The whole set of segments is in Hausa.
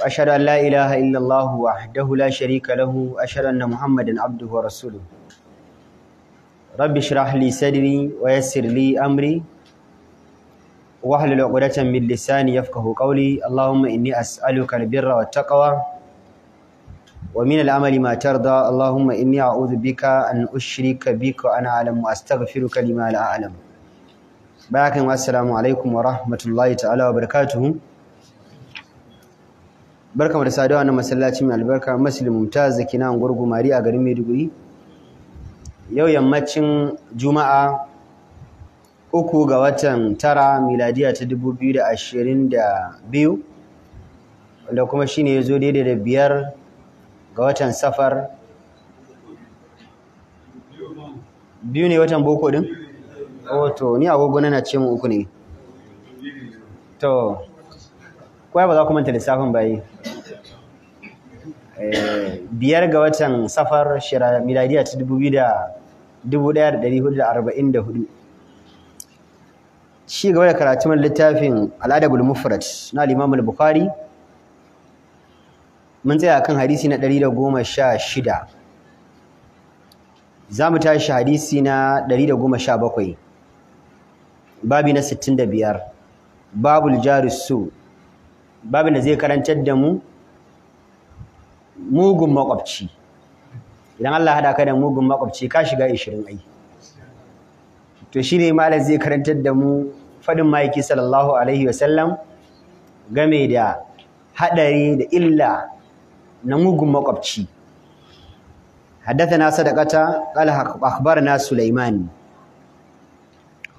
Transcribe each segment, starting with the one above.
وأشهد أن لا إله إلا الله وحده لا شريك له وأشهد أن محمدا عبده ورسوله رب اشرح لي صدري ويسر لي أمري واحلل عقدة من لساني يفقه قولي اللهم إني أسألك البر والتقوى ومن العمل ما ترضى اللهم إني أعوذ بك أن أشرك بك وأنا أعلم وأستغفرك لما لا أعلم بارك السلام عليكم ورحمة الله تعالى وبركاته barkamu da saduwa na masallaci mai albarka muslim mumtaz da kina gurgumari a garin maiduguri yau yammacin juma'a uku ga watan tara miladiya ta dubu biyu da ashirin da biyu wanda kuma shine ya zo daidai da biyar ga watan safar biyu ne watan boko din? Oh, to ni agogo na ce mu uku ne to Kwaya ba za ku manta lissafin yi. Eh, biyar ga watan safar miladiya ta dubu biyu da dubu ɗaya da ɗari hudu da arba'in da hudu shi gaba da karatun littafin al'adabul mufrad na al al-bukhari mun tsaya kan hadisi na ɗari da goma sha shida za mu tashi hadisi na ɗari da goma sha bakwai babi na sittin da biyar babul jaris su babin da zai karantar da mu mugun makwabci idan Allah hada ka da mugun makwabci ka shiga ishirin ai to shi ne malam zai karantar da mu faɗin maiki sallallahu alaihi wasallam game da hadari da illa na mugun makwabci حدثنا صدقة قال أخبرنا سليمان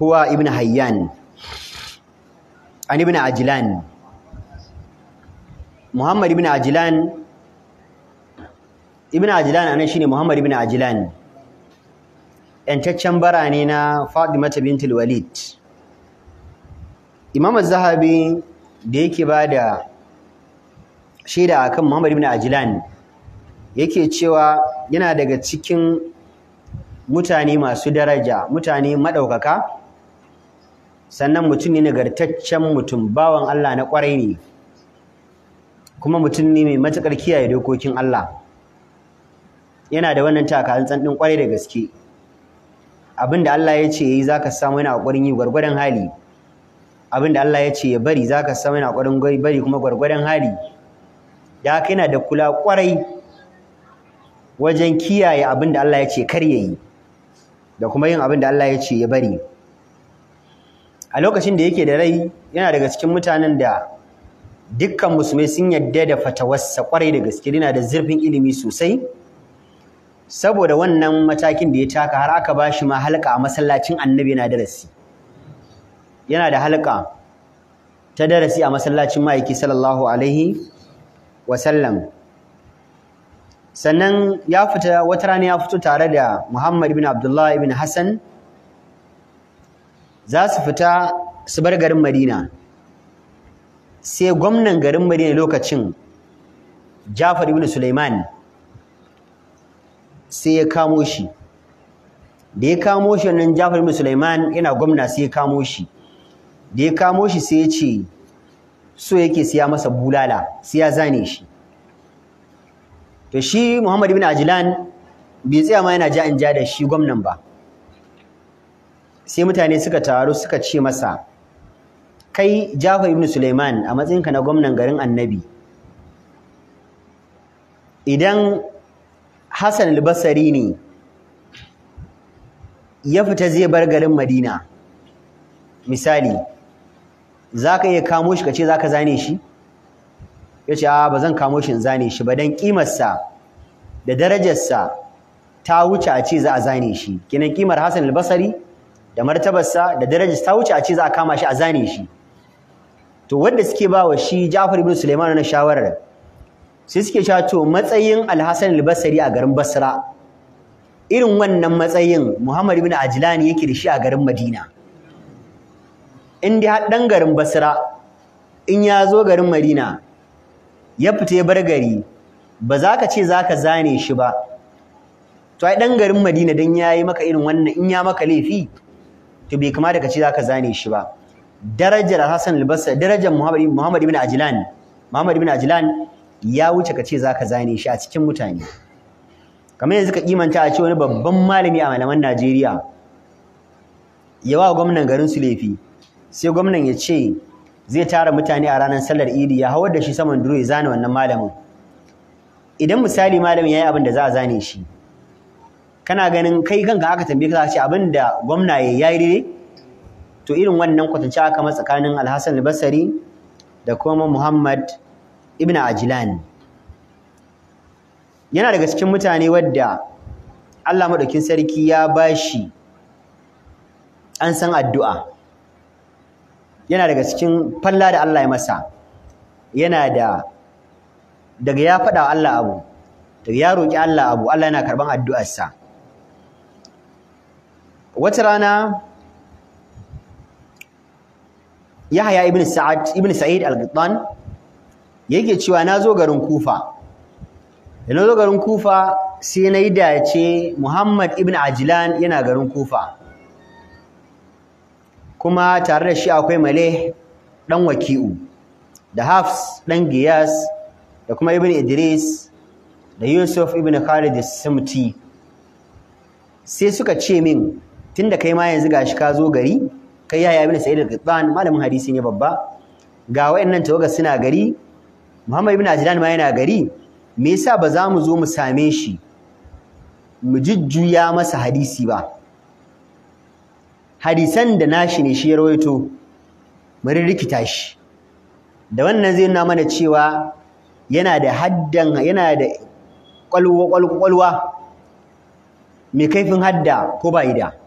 هو ابن حيان عن ابن عجلان Muhammad ibn Ajlan ibn Ajlan anan shine Muhammad ibn Ajlan yantaccen bara na fadimata bintul Walid Imam Az-Zahabi da yake bada shaida akan Muhammad ibn Ajlan yake cewa yana daga cikin mutane masu daraja mutane madaukaka sannan mutum ne nagartaccen mutum bawan Allah na kwarai ne kuma mutum ne mai matukar kiyaye dokokin Allah yana da wannan takazantsan din kwarai da gaske abinda Allah ya ce yayi ka samu yana kokarin yi gwargwadon hali abinda Allah ya ce ya bari zaka samu yana kokarin bari kuma gwargwadon hali da haka yana da kula kwarai wajen kiyaye abinda Allah ya ce kar yayi da kuma yin abinda Allah ya ce ya bari a lokacin da yake da rai yana daga cikin mutanen da dukkan musulmai sun yadda da fatawarsa kwarai da gaske yana da zurfin ilimi sosai saboda wannan matakin da ya taka har aka ba shi ma halka a masallacin annabi na darasi yana da halka ta darasi a masallacin ma'aiki sallallahu alaihi wasallam sannan ya fita wata rana ya fito tare da muhammad ibn abdullah ibn hassan za su fita su bar garin madina sai gwamnan garin Madina lokacin Jafar ibn Sulaiman sai ya kamo shi da ya kamo shi wannan Jafar ibn Sulaiman yana gwamna sai ya kamo shi da ya kamo shi sai ya ce so yake siya masa bulala sai ya zane shi to shi Muhammad ibn ajilan bai tsaya ma yana ja in ja da shi gwamnan ba sai mutane suka taru suka ce masa kai Jafa ibn suleiman a matsayinka na gwamnan garin Annabi idan Hassan al ne ya fita zai bar garin Madina misali ka iya kamo shi kace ka zane shi ya ce ba zan kamo shi zane shi ba dan kimarsa da darajarsa ta wuce a ce za a zane shi kinan kimar Hassan al da martabarsa da darajarsa ta wuce a ce za a kama shi a zane shi to wanda suke ba wa shi Ja'far ibn Sulaiman na shawarar sai suke cewa to matsayin Al-Hasan al-Basri a garin Basra irin wannan matsayin Muhammad ibn Ajlan yake da shi a garin Madina in har dan garin Basra in ya zo garin Madina ya fita ya bar gari ba za ka ce za ka zane shi ba to ai dan garin Madina dan yayi maka irin wannan in ya maka laifi to bai kamata ka ce za ka zane shi ba darajar Hassan al-Basri darajar Muhammad Muhammad ibn Ajlan Muhammad ibn Ajlan ya wuce ka ce zaka zane shi a cikin mutane kamar yanzu ka kimanta a ce wani babban malami a malaman Najeriya ya wa gwamnan garin su laifi sai gwamnan ya ce zai tara mutane a ranar sallar Idi ya hawar da shi saman duro ya zane wannan malamin idan misali malamin yayi abin da za a zane shi kana ganin kai kanka aka tambaye ka ce abin da gwamna yayi dai to irin wannan kwatance aka ma tsakanin Alhassan al-Basri da kuma Muhammad ibn Ajlan yana daga cikin mutane wadda Allah madaukin sarki ya bashi an san addu'a yana daga cikin falla da Allah ya masa yana da daga ya faɗa Allah abu daga ya roƙi Allah abu Allah yana karban addu'arsa wata rana Yahya ibn Sa'ad ibn Sa'id al-Qattan yake cewa na zo garin Kufa da na zo garin Kufa sai na yi dace Muhammad ibn Ajlan yana garin Kufa kuma tare da shi akwai Male dan Waki'u da Hafs dan Giyas da kuma ibn Idris da Yusuf ibn Khalid as-Simti sai suka ce min tunda kai ma yanzu gashi ka zo gari kai ya yi ibn sai da qitan malamin hadisi ne babba ga wayannan tawaga suna gari muhammad ibn ajlan ma yana gari me yasa ba za mu zo mu same shi mu jujjuya masa hadisi ba hadisan da nashi ne shi ya rawaito mu rikita shi da wannan zai nuna mana cewa yana da haddan yana da kwalwa kwalwa mai kaifin hadda ko ba da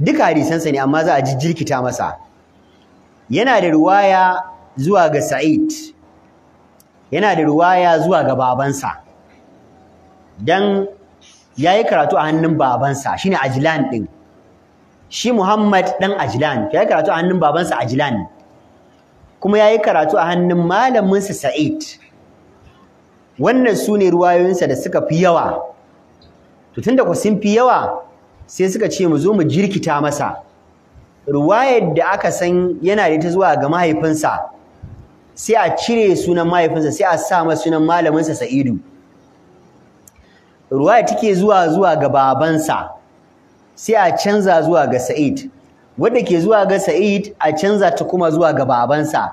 duka hadisansa ne amma za a jirkita masa yana da ruwaya zuwa ga Sa'id yana da ruwaya zuwa ga babansa dan yi karatu a hannun babansa shine ajilan din shi Muhammad dan ya yi karatu a hannun babansa Ajlan kuma ya yi karatu a hannun malaminsa Sa'id wannan su ne ruwayoyinsa da suka fi yawa to tunda ku sun fi yawa sai suka ce mu zo mu jirkita masa ruwayar da aka san yana da ita zuwa ga mahaifinsa sai a cire sunan mahaifinsa sai a sa masa sunan malaminsa Sa'idu ruwaya take zuwa zuwa ga babansa sai a canza zuwa ga Sa'id wanda ke zuwa ga Sa'id a canza ta kuma zuwa ga babansa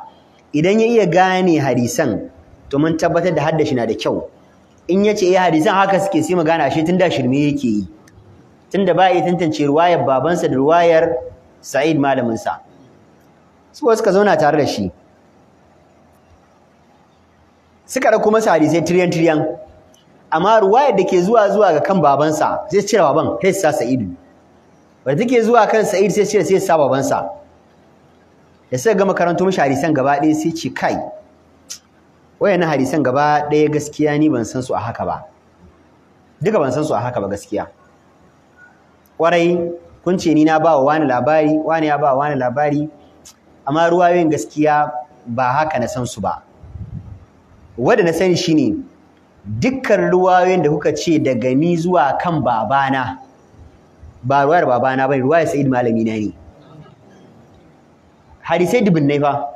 idan ya iya gane hadisan to mun tabbatar da haddashi na da kyau in yace eh hadisan haka suke sai mu gane ashe tun da shirme yake yi tunda ba ya tantance ruwayar babansa da ruwayar Sa'id malaminsa, sa su suka zauna tare da shi suka da kuma hadisai tiriyan tiriyan amma ruwayar da ke zuwa zuwa ga kan babansa sai cire baban sai sa Sa'idu wanda take zuwa kan Sa'id sai cire sai sa babansa da suka gama karanto mishi hadisan gaba ɗaya sai ce kai wayannan hadisan gaba ɗaya gaskiya ni ban san su a haka ba duka ban san su a haka ba gaskiya kwarai kun ce ni na ba wa wani labari wani ya ba wa wani labari amma ruwayoyin gaskiya ba haka na san su ba wanda na sani shine dukkan ruwayoyin da kuka ce daga ni zuwa kan babana ba ruwayar babana bane ruwayar Sa'id malami na ne hadisai dubunnai fa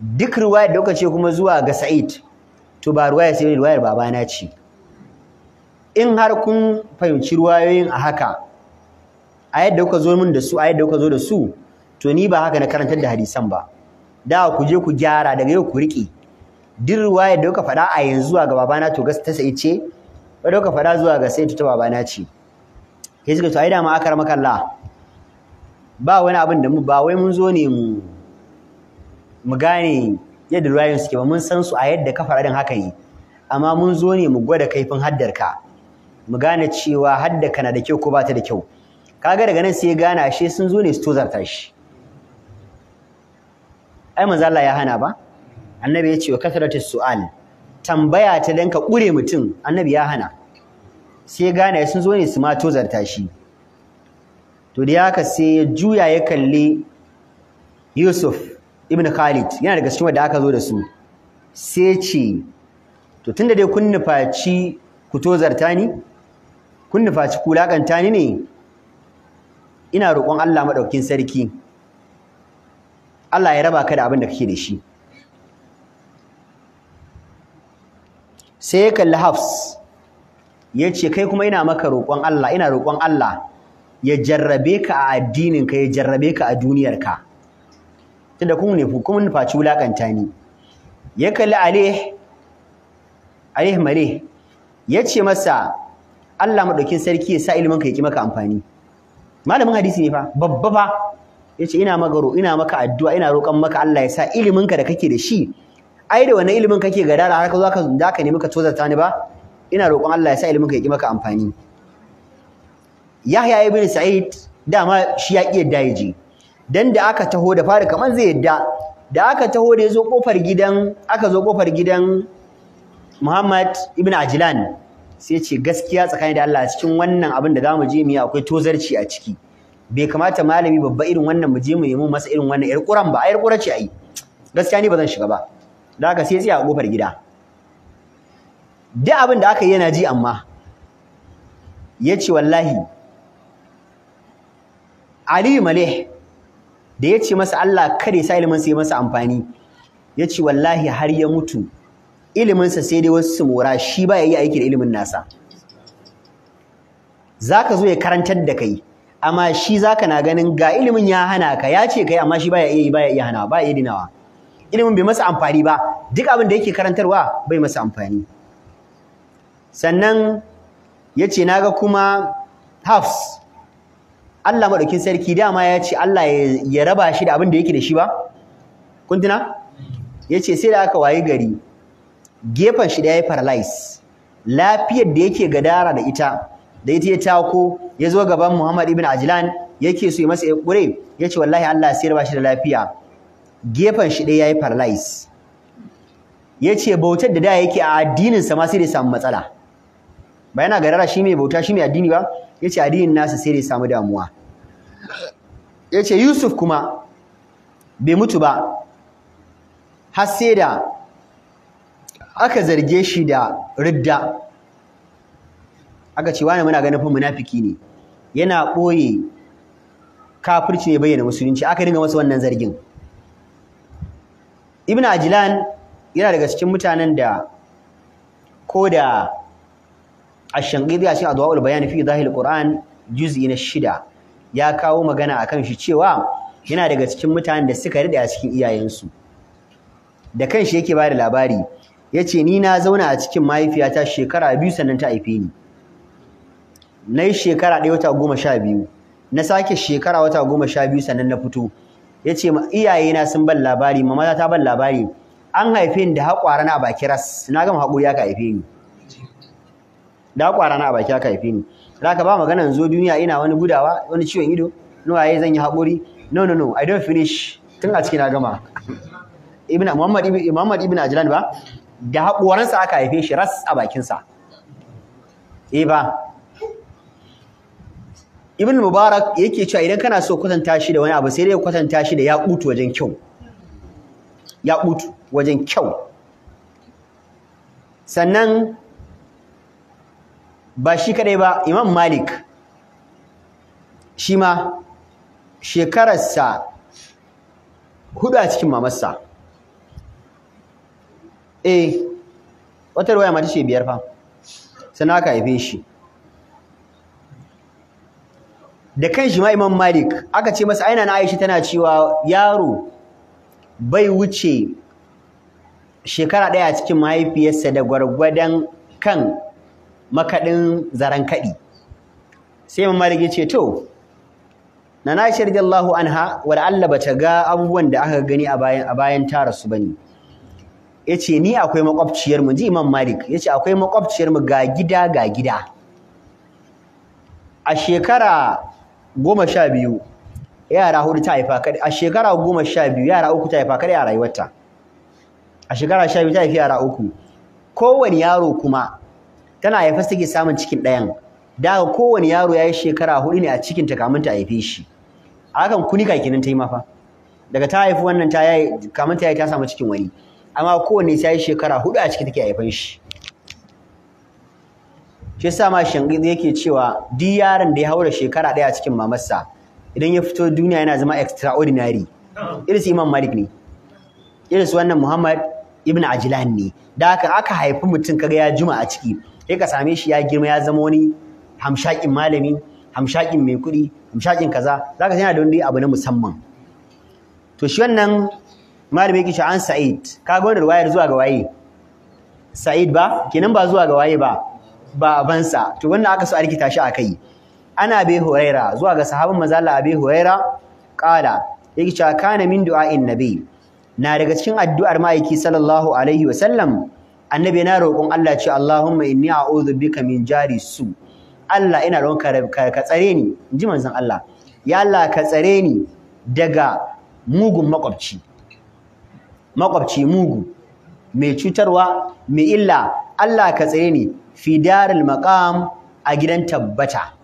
duk ruwayar da kuka ce kuma zuwa ga Sa'id to ba ya Sa'id ruwayar babana ce in har kun fahimci ruwayoyin a haka a yadda kuka zo min da su a yadda kuka zo da su to ni ba haka na karantar da hadisan ba da ku je ku gyara daga yau ku riƙe duk ruwayar da kuka faɗa a yanzu zuwa ga babana to gas ta sai ce da kuka faɗa zuwa ga sai ta babana ce Ke suka to ai da ma aka rama ba wani abin da mu ba wai mun zo ne mu mu gane yadda ruwayoyin suke ba mun san su a yadda ka faɗa din haka yi amma mun zo ne mu gwada kaifin haddarka mu gane cewa haddarka na da kyau ko ba ta da kyau kaga daga nan sai ya gane ashe sun zo ne su tozarta shi ai manzo Allah ya hana ba annabi ya ce wa kasratu su'al tambaya ta dan ka kure mutum annabi ya hana sai ya gane sun zo ne su ma tozarta shi to da haka sai ya juya ya kalli Yusuf ibn Khalid yana daga cikin wanda aka zo da su sai ce to tunda dai kun nufaci ku tozarta ni kun nufaci ku lakanta ni ne ina roƙon Allah maɗaukin sarki Allah ya raba ka da abin da kake da shi sai ya kalli Hafs ya ce kai kuma ina maka roƙon Allah ina roƙon Allah ya jarrabe ka a addinin ka ya jarrabe ka a duniyar ka tunda kun ne kun faci wulakanta ni ya kalli Ali Ali Male ya ce masa Allah maɗaukin sarki ya sa ilimin ka ya ki maka amfani malamin hadisi ne fa babba fa yace ina magaro ina maka addu'a ina roƙon maka Allah ya sa iliminka da kake da shi ai da wannan ilimin kake gadara har ka zo ka zaka nemi ka tozarta ni ba ina roƙon Allah ya sa iliminka ya ki maka amfani Yahya ibn Sa'id dama shi ya ki yadda yaje dan da aka taho da fara kaman zai yadda da aka taho da yazo kofar gidan aka zo kofar gidan Muhammad ibn Ajlan sai ce gaskiya tsakani da Allah cikin wannan abin da zamu je mu yi akwai tozarci a ciki bai kamata malami babba irin wannan mu je mu nemi masa irin wannan yar kuran ba yar kura ce ai gaskiya ni ba zan shiga ba da haka sai tsaya a kofar gida duk abin da aka yi yana ji amma ya ce wallahi Ali Malih da ya ce masa Allah kare sa ilimin sai masa amfani ya ce wallahi har ya mutu iliminsa sai dai wasu su mora shi ba ya yi aiki da ilimin nasa za ka zo ya karantar da kai amma shi za ka na ganin ga ilimin ya hana ka ya ce kai amma shi ba ya iya ba ya hana ba ya dinawa ilimin bai masa amfani ba duk abin da yake karantarwa bai masa amfani sannan ya naga kuma hafs Allah maɗaukin sarki dama ya ce Allah ya raba shi da abin da yake da shi ba kun tuna ya sai da aka wayi gari gefen shi da ya yi paralyze lafiyar da yake gadara da ita da ita ya tako ya zo gaban Muhammad ibn Ajlan yake so ya masa ya kure ya ce wallahi Allah sai ba shi da lafiya gefen shi ɗaya ya yi paralyze ya ce bautar da da yake a addininsa ma sai da samu matsala ba yana gadara shi mai bauta shi mai addini ba ya ce addinin nasa sai da samu damuwa ya ce Yusuf kuma bai mutu ba har sai da aka zarge shi da ridda aka ce wani muna ganin fa munafiki ne yana ɓoye kafirci ne bayyana musulunci aka dinga masa wannan zargin ibn ajilan yana daga cikin mutanen da ko da ash-shanqidi a cikin adwaul bayan fi zahil qur'an juz'i na shida ya kawo magana akan shi cewa yana daga cikin mutanen da suka rida cikin iyayensu da kanshi yake ba da labari yace ni na zauna a cikin mahaifiyata shekara biyu sannan ta haife ni na yi shekara ɗaya wata goma sha biyu na sake shekara wata goma sha biyu sannan na fito ya ce ma iyayena sun ban labari mama ta ban labari an haife ni da haƙwara na a baki ras na gama haƙuri aka haife ni da haƙwara na a baki aka haife ni za ka ba magana zo duniya ina wani gudawa wani ciwon ido no waye zan yi haƙuri no no no i don't finish tun a ciki na gama ibn muhammad ibn ajlan ba da haƙoransa aka haife shi ras a bakinsa E ba ibn mubarak yake cewa idan kana so kwatanta shi da wani abu sai dai kwatanta shi da ƙutu wajen kyau ƙutu wajen kyau sannan ba shi kaɗai ba imam malik shi ma shekararsa hudu a cikin mamarsa eh wata waya ma ce biyar fa sai aka haife shi da kanshi ma Imam Malik aka ce masa aina na Aisha tana cewa yaro bai wuce shekara ɗaya a cikin mahaifiyarsa da gwargwadon kan makaɗin zaren kaɗi sai Imam Malik ya ce to na na Aisha radiyallahu anha wadda Allah bata ga abubuwan da aka gani a bayan a bayan ta rasu bane Ya ce ni akwai makwabciyar mu ji Imam Malik Ya ce akwai makwabciyar mu ga gida ga gida a shekara goma sha biyu yara hudu ta haifa kadai a shekara goma sha biyu yara uku ta haifa kadai a rayuwarta a shekara sha biyu ta haifi yara uku kowane yaro kuma tana haifa suke samun cikin ɗayan da kowane yaro ya yi shekara hudu ne a cikin ta kamun ta haife shi a hakan kunika kenan ta yi mafa daga ta haifi wannan ta yi kamun ta yi ta samu cikin wani amma kowane sai yi shekara hudu a ciki take haifan shi shi yasa ma shangiz yake cewa duk yaron da ya haura shekara ɗaya a cikin mamarsa idan ya fito duniya yana zama extraordinary irin su Imam Malik ne irin wannan Muhammad ibn ajilan ne da haka aka haifi mutum kaga ya juma a ciki sai ka same shi ya girma ya zama wani hamshakin malami hamshakin mai kuɗi hamshakin kaza zaka yana da wani abu na musamman to shi wannan malamin yake an sa'id kaga wannan ruwayar zuwa ga waye sa'id ba kenan ba zuwa ga waye ba ba bansa to wannan aka so a rikita shi akai ana bai huraira zuwa ga sahabban manzo Allah abi huraira qala yake cewa kana min du'a'in nabi na daga cikin addu'ar ma'aiki sallallahu alaihi wa sallam annabi na roƙon Allah ce Allahumma inni a'udhu bika min jari su Allah ina roƙon ka ka tsare ni inji manzon Allah ya Allah ka tsare ni daga mugun makwabci makwabci mugu mai cutarwa mai illa Allah ka tsare ni fi daril maqam a gidan tabbata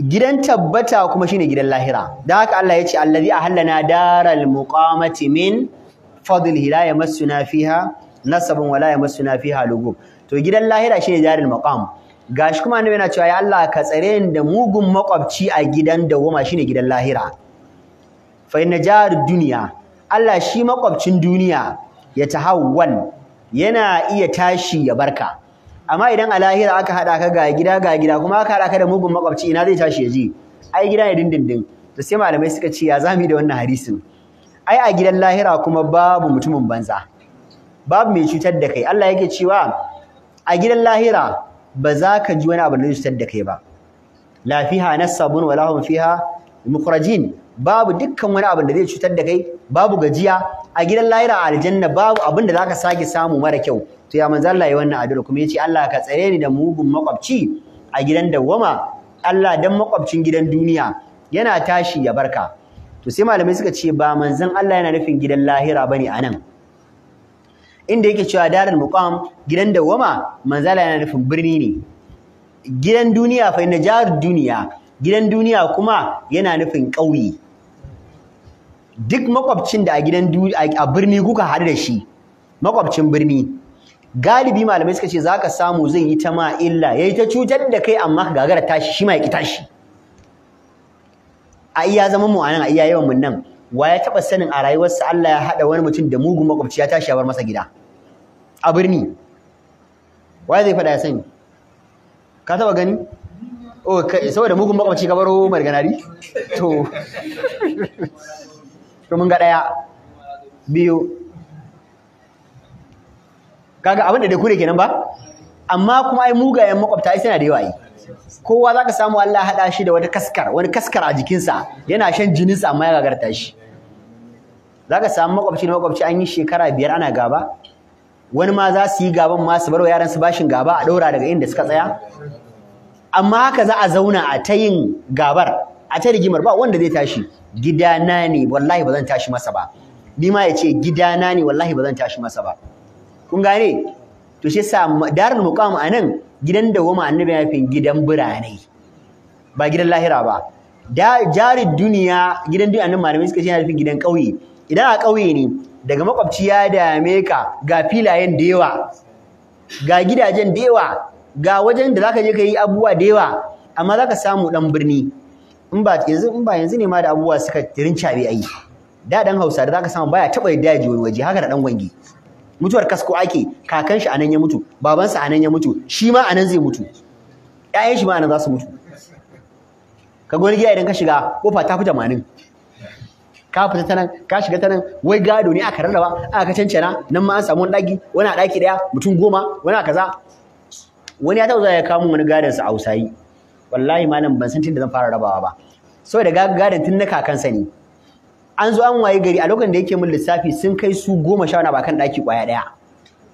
gidan tabbata kuma shine gidan lahira dan haka Allah yace allazi ahallana daral muqamati min fadlihi la yamassuna fiha nasabun wala yamassuna fiha lugub to gidan lahira shine daril maqam gashi kuma annabi yana cewa ya Allah ka tsare ni da mugun makwabci a gidan dawoma shine gidan lahira fa inna jar duniya. Allah shi makwabcin duniya ya ta hawan yana iya tashi ya barka amma idan a lahira aka haɗa ka ga gida ga gida kuma aka haɗa ka da mugun makwabci ina zai tashi ya je ai gida ne dindindin to sai malamai suka ce ya zamu da wannan hadisin ai a gidan lahira kuma babu mutumin banza babu mai cutar da kai Allah yake cewa a gidan lahira ba za ka ji wani abu da zai cutar da kai ba Lafiha fiha nasabun wala fiha mukhrajin babu dukkan wani abin da zai cutar da kai babu gajiya a gidan lahira a aljanna babu abin da za ka sake samu mara kyau to ya manzo Allah ya wannan addu'a kuma yace Allah ka tsare ni da mugun makwabci a gidan dawwama Allah dan makwabcin gidan duniya yana tashi ya barka to sai malamai suka ce ba manzon Allah yana nufin gidan lahira bane anan inda yake cewa darul muqam gidan dawwama manzo Allah yana nufin birni ne gidan duniya fa inna jarud duniya gidan duniya kuma yana nufin ƙauye duk makwabcin da a gidan a birni kuka haɗu da shi makwabcin birni galibi malamai suka ce za ka samu zai yi ta ma illa ya yi ta cutar da kai amma ka gagara tashi shi ma ya ƙi tashi a iya zaman mu a nan a iya yawan mun nan wa ya taɓa sanin a rayuwarsa Allah ya haɗa wani mutum da mugun makwabci ya tashi ya bar masa gida a birni wa zai faɗa ya sani ka taɓa gani oh saboda mugun makwabci ka baro marganari to to mun ga daya biyu kaga abin da dai kure kenan ba amma kuma ai mugayen makwabta ai suna da yawa yi kowa zaka samu Allah hada shi da wani kaskar wani kaskar a jikinsa yana shan jinin sa amma ya gagarta shi zaka samu makwabci da makwabci an yi shekara biyar ana gaba wani ma za su yi gaban ma su barwa yaran su bashin gaba a daura daga inda suka tsaya amma haka za a zauna a ta yin gabar a ta rigimar ba wanda zai tashi gidana ne wallahi ba zan tashi masa ba ni ma ya ce gidana ne wallahi ba zan tashi masa ba kun gane to shi yasa darul muqam anan gidan goma annabi ya fi gidan birane ba gidan lahira ba da jarid duniya gidan duniya nan malamai suka ce yana nufin gidan ƙauye idan a ƙauye ne daga makwabci ya dame ka ga filayen da yawa ga gidajen da yawa ga wajen da zaka je ka yi abubuwa da yawa amma zaka samu dan birni in ba yanzu in ba yanzu ne ma da abubuwa suka rincabe ayi da dan Hausa da zaka samu baya taba yadda ya wani waje haka da dan gwangi mutuwar kasko ake kakan shi anan ya mutu baban sa anan ya mutu shi ma anan zai mutu ƴaƴan shi ma anan za su mutu ka wani gida idan ka shiga kofa ta fi manin. ka fita ta nan ka shiga ta nan wai gado ne aka rarraba aka cancana nan ma an samu wani ɗaki wani a ɗaki ɗaya mutum goma wani a kaza wani ya taɓa ya kamo wani gadon sa a wallahi malam ban san tunda zan fara rabawa ba saboda gadon tun na kakansa ne an zo an waye gari a lokacin da yake min lissafi sun kai su goma sha wani ba kan ɗaki ƙwaya ɗaya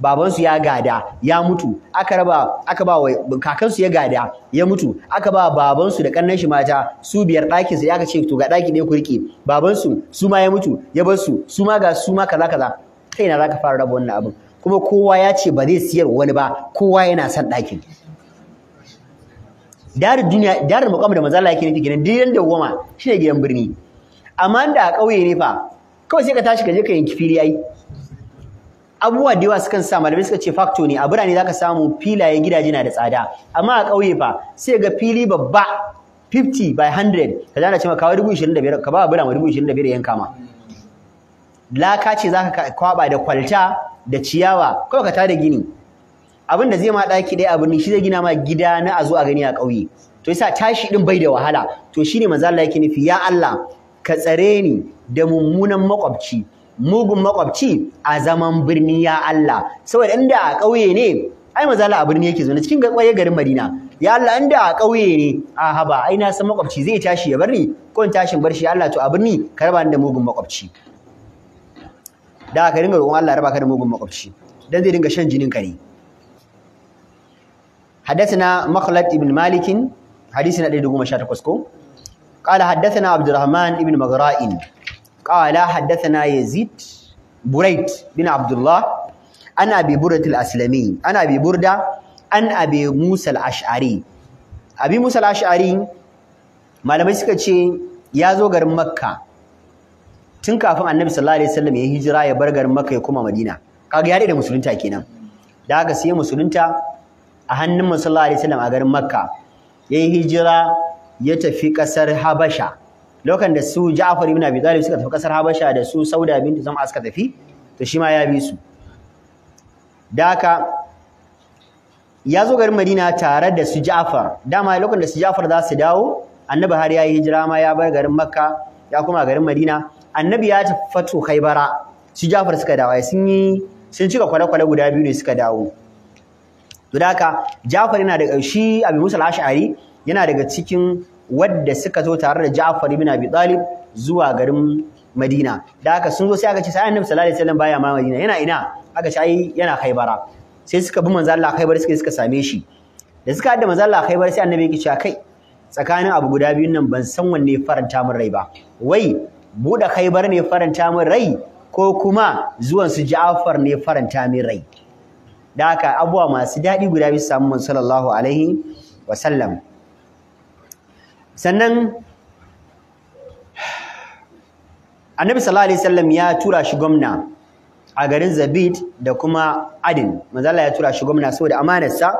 babansu ya gada ya mutu aka raba aka ba kakansu ya gada ya mutu aka ba babansu da kannan shi mata su biyar ɗakin sai aka ce to ga daki ɗaya ku rike babansu su ma ya mutu ya bar su su ma ga su ma kaza kaza kai na zaka fara raba wannan abin kuma kowa ya ce ba zai siyar wani ba kowa yana son ɗakin darar duniya darar muƙamu da manzala yake nufi gidan dinan da goma shine gidan birni amma da a ƙauye ne fa kawai sai ka tashi ka je ka yanki fili ai abubuwa da yawa sukan sa malamai suka ce facto ne a birane ka samu filaye gidaje na da tsada amma a ƙauye fa sai ga fili babba 50 by 100 ka zana dubu ma da biyar, ka ba birama 25,000 yanka ma laka ce zaka kwaba da kwalta da ciyawa kawai ka tada gini abin da zai ma ɗaki ɗaya abin shi zai gina ma gida na a zo a gani a ƙauye to yasa tashi din bai da wahala to shine manzo Allah yake nufi ya Allah ka tsare ni da mummunan makwabci mugun makwabci a zaman birni ya Allah saboda inda a ƙauye ne ai manzo Allah a birni yake zo cikin ƙauye garin Madina ya Allah inda a ƙauye ne a haba ai na san makwabci zai tashi ya bar ni ko in tashin bar shi ya Allah to a birni ka raba ni da mugun makwabci da ka dinga roƙon Allah raba ka da mugun makwabci dan zai dinga shan jinin ka ne حدثنا مخلد بن مالك حديثنا ده دغوم شاتكوسكو قال حدثنا عبد الرحمن بن مغراء قال حدثنا يزيد بريد بن عبد الله انا ابي بردة الاسلمي انا ابي بردة ان ابي موسى الاشعري ابي موسى الاشعري malamai suka ce ya zo garin makka tun kafin annabi sallallahu alaihi wasallam ya hijira ya bar garin makka ya koma madina kaga ya da musulunta kenan da haka sai musulunta a hannun musallallahu alaihi a garin makka ya yi hijira ya tafi ƙasar habasha lokacin da su ja'far ibn abi talib suka tafi ƙasar habasha da su sauda bintu zama suka tafi to shi ma ya bi su da ya zo garin madina tare da su ja'far dama lokacin da su ja'afar za su dawo annabi har ya yi hijira ma ya bar garin makka ya kuma garin madina annabi ya tafi fatu khaibara su ja'afar suka dawo sun yi sun cika kwale-kwale guda biyu ne suka dawo don haka Ja'far yana daga shi Abu Musa al-Ash'ari yana daga cikin wanda suka zo tare da Ja'far ibn Abi Talib zuwa garin Madina da haka sun zo sai aka ce sai Annabi sallallahu alaihi wasallam baya ma Madina yana ina aka ce ai yana Khaibara sai suka bi manzo Allah Khaibar suka suka same shi da suka haɗa manzo Allah Khaibar sai Annabi yake cewa kai tsakanin abu guda biyun nan ban san wanne faranta min rai ba wai buɗe Khaibar ne faranta min rai ko kuma zuwan su Ja'far ne faranta min rai da haka abuwa masu daɗi guda biyu samu man sallallahu alaihi wasallam sannan annabi sallallahu alaihi wasallam ya tura shi gwamna a garin zabit da kuma adin mazala ya tura shi gwamna saboda amanarsa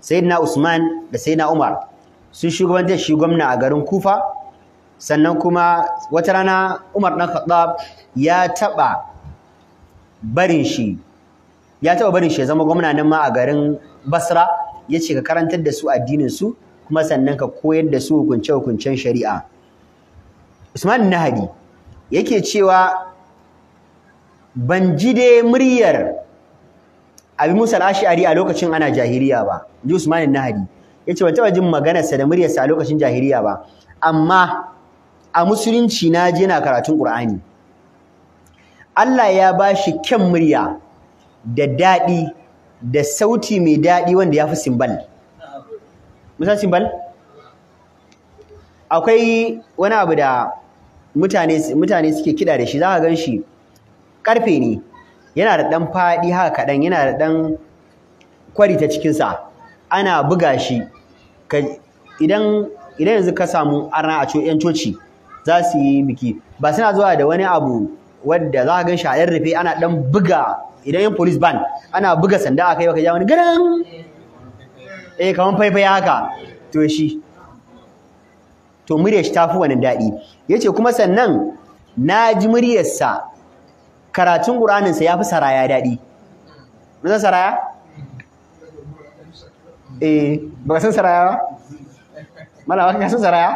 sayyidina usman da sayyidina umar sun shugabantar shi gwamna a garin kufa sannan kuma wata rana umar dan khattab ya taɓa barin shi ya taɓa barin shi ya zama gwamna nan ma a garin Basra ya ce ka karantar da su addinin su kuma sannan ka koyar da su hukunce-hukuncen shari'a Usman Nahadi yake cewa ban ji dai muryar Abi Musa al-Ash'ari a lokacin ana jahiliya ba ji Usman Nahadi yace ban taɓa jin maganarsa da muryarsa a lokacin jahiliya ba amma a musulunci na je na karatun Qur'ani Allah ya bashi kyan murya da daɗi da sauti mai daɗi wanda ya fi simbal misal simbal akwai wani abu da mutane suke kiɗa da shi za ka gan shi ƙarfe ne yana da ɗan faɗi haka kaɗan yana da ɗan kwari ta cikinsa ana buga shi idan idan yanzu ka samu arna a yan coci za su yi biki ba suna zuwa da wani abu wadda za ka gan shi a rufe ana ɗan buga idan yin police band ana buga sanda a kai baka ja wani garan eh kaman faifai haka to shi to muryar shi tafi wani daɗi yace kuma sannan na ji muryarsa karatun ƙuraninsa ya fi saraya daɗi mun san saraya eh baka san saraya ba malama ka san saraya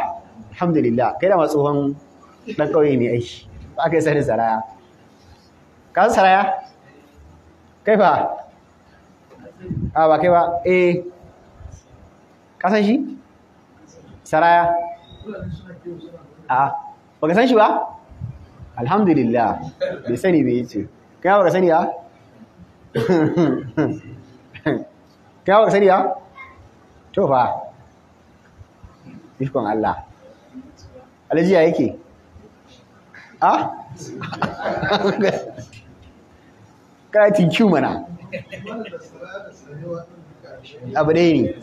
alhamdulillah kai da matsohon ɗan ƙauye ne ai ba yi sanin saraya ka san saraya kai fa a ba kai ba eh kasan shi saraya a baka san shi ba alhamdulillah bai sani bai ce kai ba ka ya kai ba ka sani ya to fa ikon Allah alajiya yake a karatun Q mana abu ɗaya ne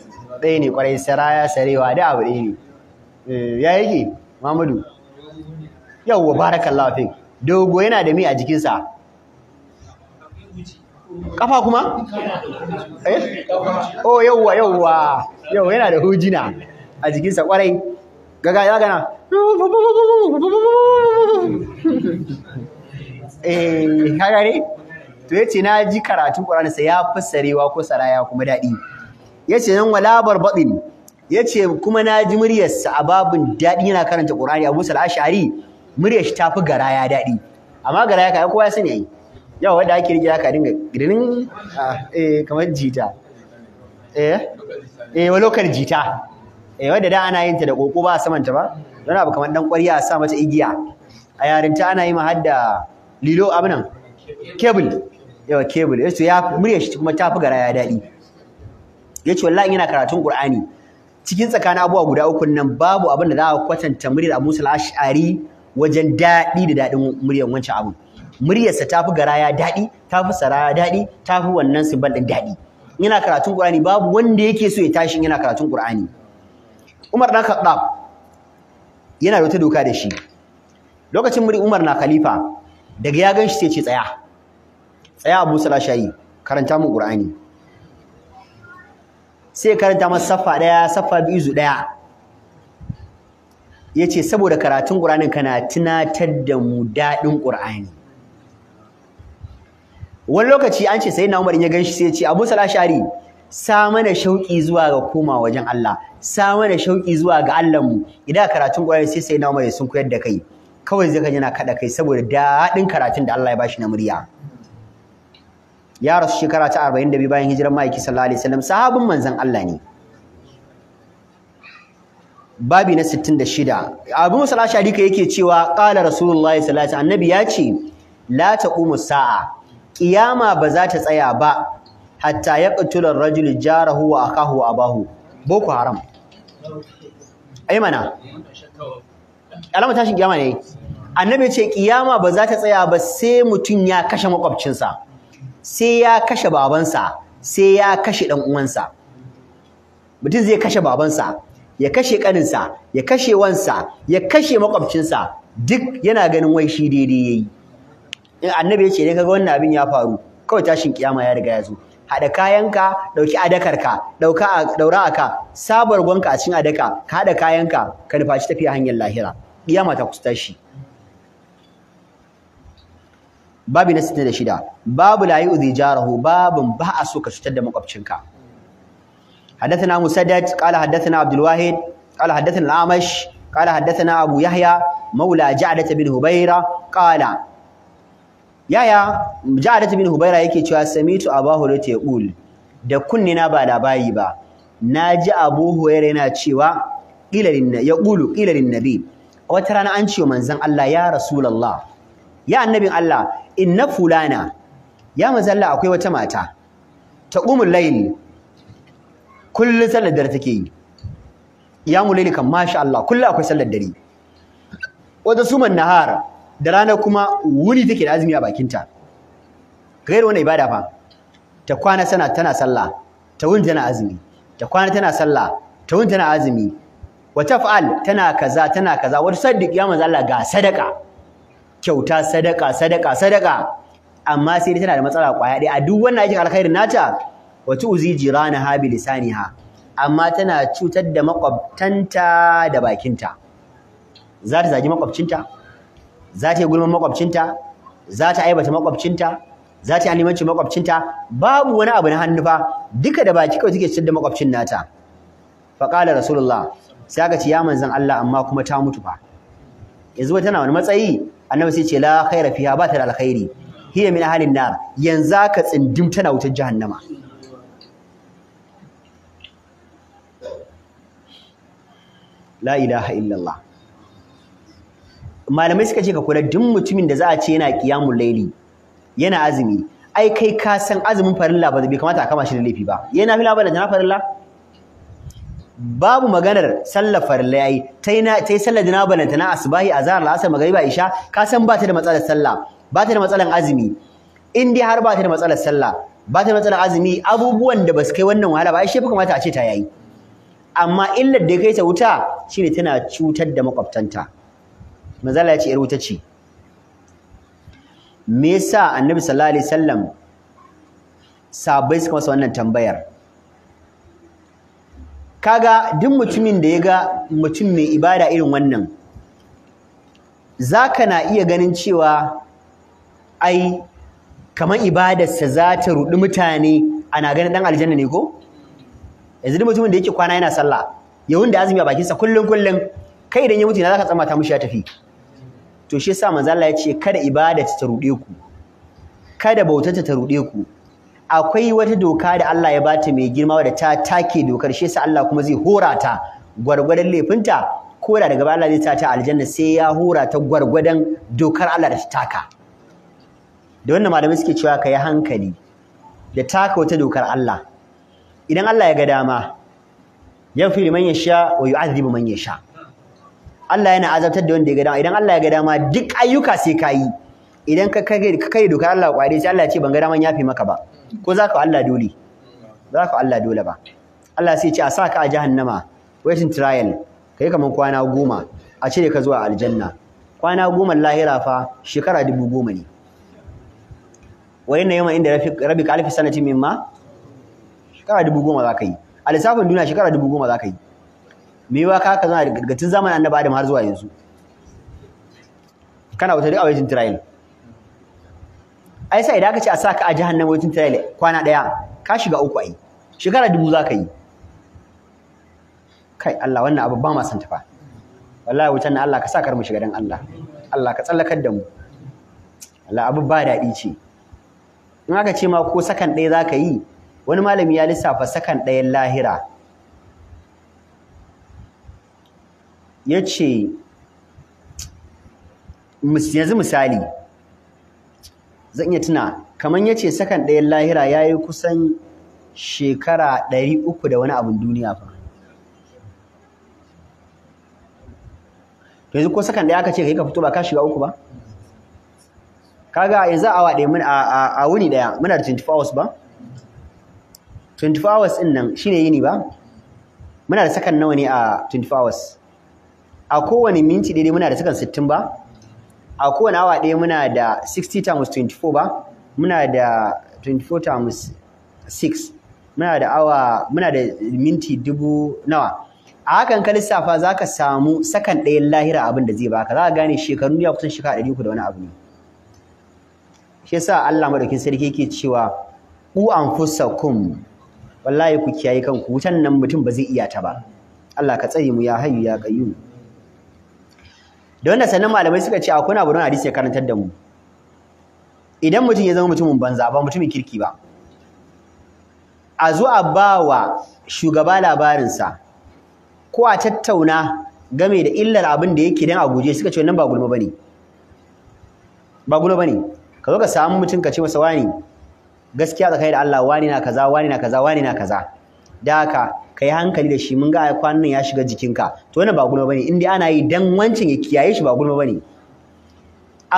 ɗaya ne kwarai saraya sarewa da abu ɗaya ne eh, ya yake Muhammadu yawwa barakan fik dogo yana da mi a jikinsa kafa kuma eh oh yawwa yawwa yau yana da hujina a jikinsa kwarai gaga ya gana eh haka Eh, to yace na ji karatun Qur'ani sai ya fassarewa ko saraya kuma dadi yace nan wala barbadin yace kuma na ji muryar sa ababun dadi yana karanta Qur'ani Abu Sal Ash'ari muryar shi tafi garaya dadi amma garaya kai kowa ya sani yi. Yau wanda ake rike ka dinga gidanin ah, eh kamar jita eh eh wa lokal jita eh wanda da ana yin ta da koko ba saman ta ba don abu kamar dan ƙwarya a sa mata igiya a yarinta ana yi ma lilo abin nan kebul yawa kebul yace ya murya shi kuma ta fi gara ya daɗi Ya ce wallahi yana karatun ƙur'ani cikin tsakanin abuwa guda uku nan babu abin da za a kwatanta muryar Abu Musa ashari wajen daɗi da daɗin muryar wancan abu muryarsa ta fi ya daɗi ta fi ya daɗi ta fi wannan sibal ɗin daɗi yana karatun ƙur'ani babu wanda yake so ya tashi yana karatun ƙur'ani Umar na Khattab yana da wata doka da shi lokacin muryar Umar na khalifa daga ya gan ganshi sai ce tsaya tsaya Abu shayi karanta mu Qur'ani sai karanta masa safa daya safa biyu zu daya yace saboda karatun Qur'anin kana tunatar da mu dadin Qur'ani wani lokaci an ce sayyidina Umar in ya ganshi sai ya ce Abu Shari, sa mana shauki zuwa ga koma wajen Allah sa mana shauki zuwa ga Allah mu idan karatun Qur'ani sai sayyidina Umar ya sun koyar da kai kawai zai kan yana kada kai saboda daɗin karatun da Allah ya bashi na murya ya rasu shekara ta 42 bayan hijiran ma'aiki sallallahu alaihi wasallam sahabin manzon Allah ne babi na 66 Abu Musa al-Ashari yake cewa qala Rasulullahi sallallahu alaihi annabi ya ce la taqumu sa'a kiyama ba za ta tsaya ba hatta yaqtula ar rajul jarahu wa akahu wa abahu boko haram ai mana alama tashin kiyama ne annabi ya ce kiyama ba za ta tsaya ba sai mutun ya kashe makwabcinsa sai ya kashe babansa sai ya kashe dan uwansa mutum zai kashe babansa ya kashe kaninsa ya kashe wansa ya kashe makwabcinsa duk yana ganin wai shi daidai yayi in annabi ya ce ne kaga wannan abin ya faru kawai tashin kiyama ya riga ya zo haɗa kayanka ɗauki adakarka ɗauka ɗaura a ka sabar gwanka a cikin adaka ka haɗa kayanka ka nufaci tafiya hanyar lahira kiyama ta kusa tashi babi na shida, babu layi yu'zi jarahu babun ba a so ka cutar da makwabcinka حدثنا مسدد قال حدثنا عبد الواحد قال حدثنا الأعمش قال حدثنا أبو يحيى مولى جعدة بن هبيرة قال يا يا جعدة بن هبيرة يكي تشوى سميت أباه لتي يقول da kunnina ba labari ba naji Abu Hurairah yana cewa ya linna yaqulu ila linnabi wata rana an ce manzon Allah ya rasulullah ya annabin Allah inna fulana ya mazalla akwai wata mata ta umul layl kullun sallar dare take yi ya mu layli kan masha Allah kullun akwai sallar dare wata suman nahar da rana kuma wuri take da azumi a bakinta gairu wani ibada fa ta kwana sana tana sallah ta wuni tana azumi ta kwana tana sallah ta wuni tana azumi wa taf'al tana kaza tana kaza wa sadiq ya mazalla ga sadaka kyauta sadaka sadaka sadaka amma sai dai tana da matsala kwaya ɗaya a duk wannan aikin alkhairin nata uzi jirana ha bi lisaniha amma tana cutar da makwabtanta da bakinta za ta zagi makwabcinta za ta yi gulman makwabcinta za ta aibata makwabcinta za ta yi alimanci makwabcinta babu wani abu na hannu fa duka da baki kawai take cutar da makwabcin nata faƙala rasulullah sai aka ce ya manzan Allah amma kuma ta mutu fa yanzu tana wani matsayi annabi sai ce la khaira fiha ba ta da alkhairi hiya min ahlin nar yanzu ka tsindim tana wutar jahannama la ilaha illallah malamai suka ce ka kula duk mutumin da za a ce yana qiyamul laili yana azumi ai kai ka san azumin farilla ba bai kamata a kama shi da laifi ba yana fi ba da na farilla babu maganar sallafar farilla ta tai na tai sallar dina balanta na asbahi azhar al'asr magariba isha ka san ba ta da matsalar sallah ba ta da matsalar azumi in dai har ba ta da matsalar sallah ba ta da matsalar azumi abubuwan da ba su kai wannan wahala ba ai shi kamata a ce ta yayi amma illar da ya kai ta wuta shine tana cutar da makwabtanta manzala ya ce yar wuta ce me yasa annabi sallallahu alaihi wasallam sabai suka masa wannan tambayar kaga duk mutumin da ya ga mutum mai ibada irin wannan za ka na iya ganin cewa ai kamar ibadarsa za ta ruɗi mutane ana ganin ɗan aljanna ne ko yanzu duk mutumin da yake kwana yana sallah yawun da azumi a bakinsa kullum kullum kai idan ya mutu na zaka tsamata mushi ya tafi to shi yasa manzo Allah ya ce kada ibada ta ruɗe ku kada bautata ta ruɗe ku akwai wata doka da Allah ya bata mai girma da ta take dokar shi yasa Allah kuma zai hora ta gwargwadon laifinta ko da daga Allah zai tata aljanna sai ya hora ta gwargwadon dokar Allah da ta taka da wannan malamai suke cewa ka yi hankali da taka wata dokar Allah idan Allah ya ga dama yaghfiru man yasha wa yu'adhibu man yasha Allah yana azabtar da wanda ya ga dama idan Allah ya ga dama duk ayyuka sai ka yi idan ka kai dokar Allah kwari sai Allah ya ce ban ga daman fi maka ba ko za ka Allah dole za ka Allah dole ba Allah sai ce a sa ka a jahannama waiting trial kai kaman kwana goma a cire ka zuwa aljanna kwana goma lahira fa shekara dubu goma ne wa inna yawma inda rabbika alfi sanatin mimma shekara dubu goma za ka yi a lissafin duniya shekara dubu goma za ka yi me wa ka ka zama daga tun zamanin annabi Adam har zuwa yanzu kana wata duk a waiting trial ai sai idan aka ce a saka a jahannama wutun tare kwana daya ka shiga uku ai shekara dubu za ka yi kai Allah wannan abu ba ma san tafa wallahi wutan nan Allah ka sa mu shiga dan Allah Allah ka tsallakar da mu Allah abu ba dadi ce in aka ce ma ko sakan ɗaya za ka yi wani malami ya lissafa sakan daya lahira ya ce yanzu misali zan iya tuna kamar ya ce sakan ɗayan lahira ya yi kusan shekara ɗari uku da wani abin duniya fa yanzu ko sakan ɗaya aka ce kai ka fito ba ka shiga uku ba kaga yanzu awa ɗaya mun a wuni ɗaya muna da 24 hours ba 24 hours ɗin nan shine yini ba muna da sakan nawa ne a 24 hours a kowane minti daidai muna da sakan 60 ba a kowane awa ɗaya muna da 60 times 24 ba muna da 24 times 6 muna da awa muna da minti dubu nawa a hakan ka lissafa za ka samu sakan ɗayan lahira abin da zai baka za ka gane shekaru ya kusan shekara ɗari uku da wani abu ne shi yasa Allah madaukin sarki yake cewa ku anfusakum wallahi ku kiyaye kanku wutan nan mutum ba zai iya ta ba Allah ka tsare mu ya hayyu ya qayyum da wannan sannan malamai suka ce akwai abu don hadisi ya karantar da mu idan mutum ya zama mutumin banza ba mutumin kirki ba a zo a ba wa shugaba labarinsa ko a tattauna game da illar abin da yake dan a guje suka ce wannan ba gulma bane ba gulma bane ka zo ka samu mutum ka ce masa wani gaskiya tsakani da Allah wani na kaza wani na kaza wani na kaza da haka kai hankali da shi mun ga kwanan nan ya shiga jikinka to wannan ba gulma bane in dai ana yi dan wancin ya kiyaye shi ba gulma bane